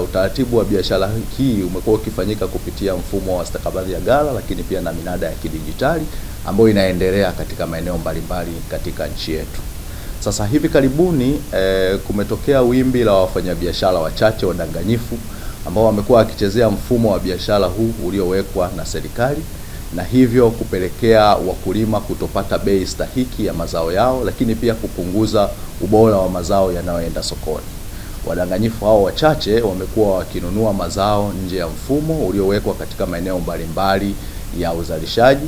utaratibu wa biashara hii umekuwa ukifanyika kupitia mfumo wa stakabadhi ya ghala, lakini pia na minada ya kidijitali ambayo inaendelea katika maeneo mbalimbali katika nchi yetu. Sasa hivi karibuni e, kumetokea wimbi la wafanyabiashara wachache wadanganyifu ambao wamekuwa wakichezea mfumo wa biashara huu uliowekwa na serikali na hivyo kupelekea wakulima kutopata bei stahiki ya mazao yao, lakini pia kupunguza ubora wa mazao yanayoenda sokoni. Wadanganyifu hao wachache wamekuwa wakinunua mazao nje ya mfumo uliowekwa katika maeneo mbalimbali ya uzalishaji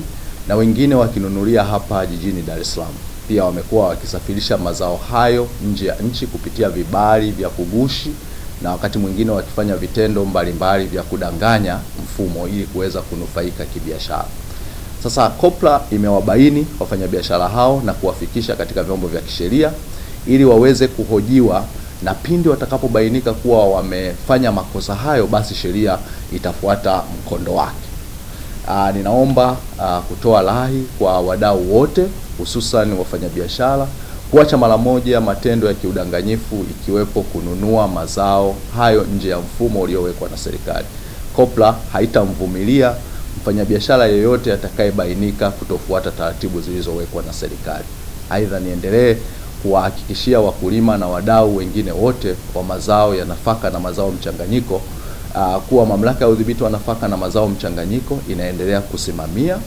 na wengine wakinunulia hapa jijini Dar es Salaam. Pia wamekuwa wakisafirisha mazao hayo nje ya nchi kupitia vibali vya kugushi na wakati mwingine wakifanya vitendo mbalimbali vya kudanganya mfumo ili kuweza kunufaika kibiashara. Sasa COPRA imewabaini wafanyabiashara hao na kuwafikisha katika vyombo vya kisheria ili waweze kuhojiwa na pindi watakapobainika kuwa wamefanya makosa hayo, basi sheria itafuata mkondo wake. Aa, ah, ninaomba aa, ah, kutoa lahi kwa wadau wote hususan wafanyabiashara kuacha mara moja matendo ya kiudanganyifu ikiwepo kununua mazao hayo nje ya mfumo uliowekwa na serikali. COPRA haitamvumilia mfanyabiashara yeyote atakayebainika kutofuata taratibu zilizowekwa na serikali. Aidha, niendelee kuwahakikishia wakulima na wadau wengine wote wa mazao ya nafaka na mazao mchanganyiko uh, kuwa Mamlaka ya Udhibiti wa Nafaka na Mazao Mchanganyiko inaendelea kusimamia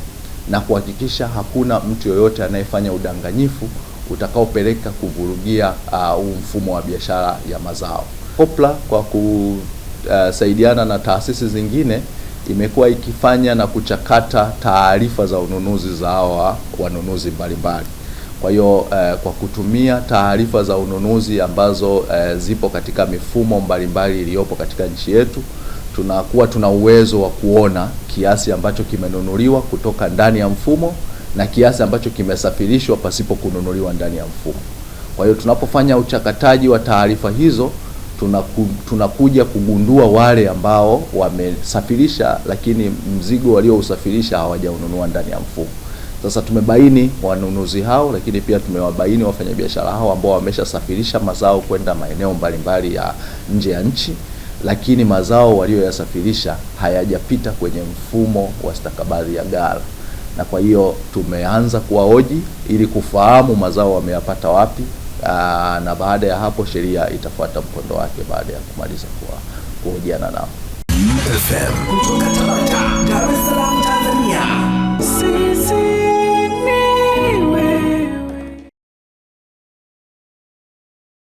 na kuhakikisha hakuna mtu yoyote anayefanya udanganyifu utakaopeleka kuvurugia uh, huu uh, mfumo wa biashara ya mazao. COPRA kwa kusaidiana uh, na taasisi zingine imekuwa ikifanya na kuchakata taarifa za ununuzi za hawa wanunuzi mbalimbali. Kwa hiyo eh, kwa kutumia taarifa za ununuzi ambazo eh, zipo katika mifumo mbalimbali iliyopo katika nchi yetu, tunakuwa tuna uwezo wa kuona kiasi ambacho kimenunuliwa kutoka ndani ya mfumo na kiasi ambacho kimesafirishwa pasipo kununuliwa ndani ya mfumo. Kwa hiyo tunapofanya uchakataji wa taarifa hizo tunaku, tunakuja kugundua wale ambao wamesafirisha lakini mzigo waliousafirisha hawajaununua ndani ya mfumo. Sasa tumebaini wanunuzi hao, lakini pia tumewabaini wafanyabiashara hao ambao wameshasafirisha mazao kwenda maeneo mbalimbali ya nje ya nchi, lakini mazao walioyasafirisha hayajapita kwenye mfumo wa stakabadhi ya ghala, na kwa hiyo tumeanza kuwahoji ili kufahamu mazao wameyapata wapi. Aa, na baada ya hapo sheria itafuata mkondo wake baada ya kumaliza kuhojiana nao.